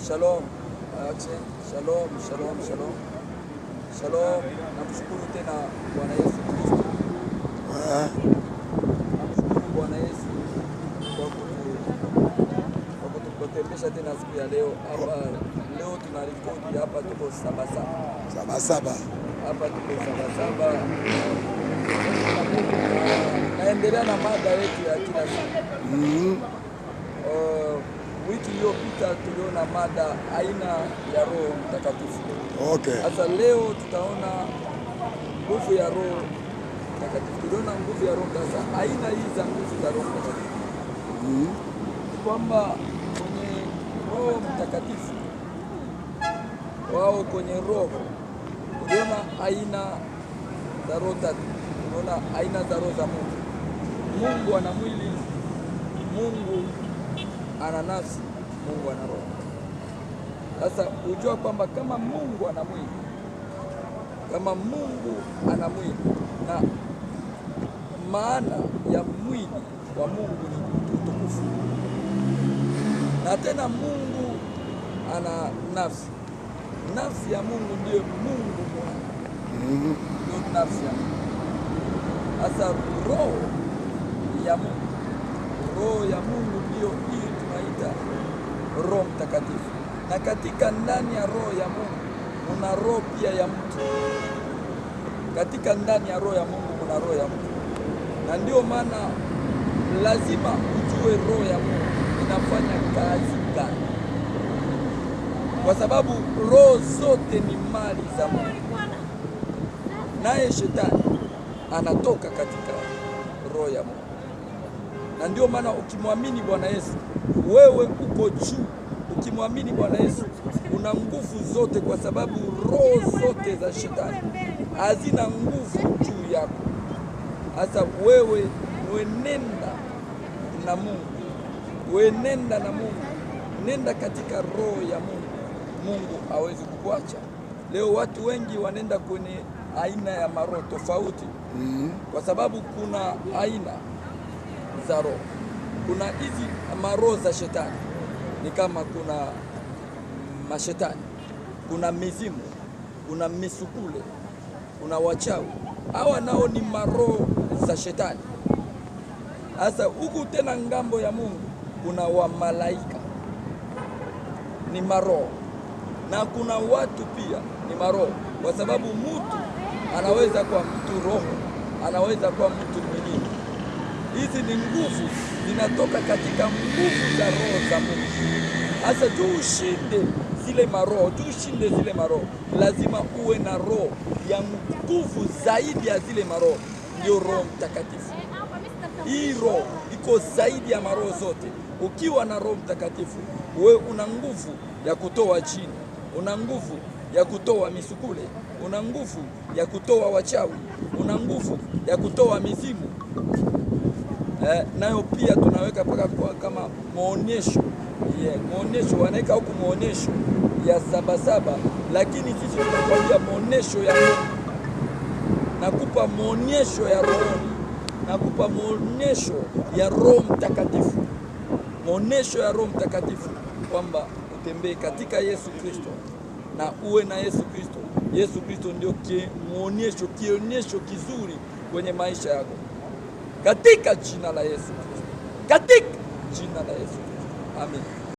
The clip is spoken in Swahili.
Shalom ache, shalom, shalom, shalom, shalom. Nakushukuru tena Bwana Yesu Kristo, nakushukuru Bwana Yesu kwa kutupotembesha tena siku ya leo Leo tunarekodi hapa, hapa, tuko sabasaba. Naendelea na mada yetu ya kila siku mm-hmm. oh, wiki iliyopita tuliona mada aina ya Roho Mtakatifu. Okay. Hata leo tutaona nguvu ya Roho Mtakatifu. Tuliona nguvu ya Roho Mtakatifu, aina hii za nguvu za Roho Mtakatifu mm -hmm. kwamba kwenye Roho Mtakatifu wao kwenye roho uliona aina za roho tatu, unaona aina za roho za Mungu. Mungu ana mwili, Mungu ana nafsi, Mungu ana roho. Sasa hujua kwamba kama Mungu ana mwili, kama Mungu ana mwili, na maana ya mwili wa Mungu ni utukufu, na tena Mungu ana nafsi. Nafsi ya Mungu ndiyo Mungu mwana, ndio nafsi ya Mungu. Sasa roho ya Mungu, roho ya Mungu ndiyo kuita Roho Mtakatifu, na katika ndani ya roho ya Mungu kuna roho pia ya mtu. Katika ndani ya roho ya Mungu kuna roho ya mtu, na ndiyo maana lazima ujue roho ya Mungu inafanya kazi gani, kwa sababu roho zote ni mali za Mungu, naye shetani anatoka katika roho ya Mungu na ndio maana ukimwamini Bwana Yesu wewe uko juu. Ukimwamini Bwana Yesu una nguvu zote, kwa sababu roho zote za shetani hazina nguvu juu yako. Hasa wewe wenenda na Mungu, wenenda na Mungu, nenda katika roho ya Mungu. Mungu hawezi kukuacha. Leo watu wengi wanaenda kwenye aina ya maro tofauti, mm-hmm. kwa sababu kuna aina za roho. Kuna hizi maroho za shetani, ni kama kuna mashetani, kuna mizimu, kuna misukule, kuna wachawi. Hawa nao ni maroho za shetani. Sasa huku tena ngambo ya Mungu kuna wamalaika ni maroho, na kuna watu pia ni maroho, kwa sababu mtu anaweza kuwa mtu roho, anaweza kuwa mtu mwingine. Hizi ni nguvu zinatoka katika nguvu za roho za Mungu. Hasa juu ushinde zile maroho, juu ushinde zile maroho, lazima uwe na roho ya nguvu zaidi ya zile maroho, ndio Roho Mtakatifu. Hii roho iko zaidi ya maroho zote. Ukiwa na Roho Mtakatifu, wewe una nguvu ya kutoa jini, una nguvu ya kutoa misukule, una nguvu ya kutoa wachawi, una nguvu ya kutoa mizimu eh, nayo pia tunaweka mpaka kwa kama maonyesho yeah, maonyesho wanaweka huku maonyesho ya sabasaba, lakini sisi tunakwambia maonyesho ya nakupa maonyesho ya rohoni, nakupa maonyesho ya Roho Mtakatifu, maonyesho ya Roho Mtakatifu kwamba utembee katika Yesu Kristo na uwe na Yesu Kristo. Yesu Kristo ndio muonyesho, kionyesho kizuri kwenye maisha yako katika jina la Yesu Kristo, katika jina la Yesu Kristo, amen.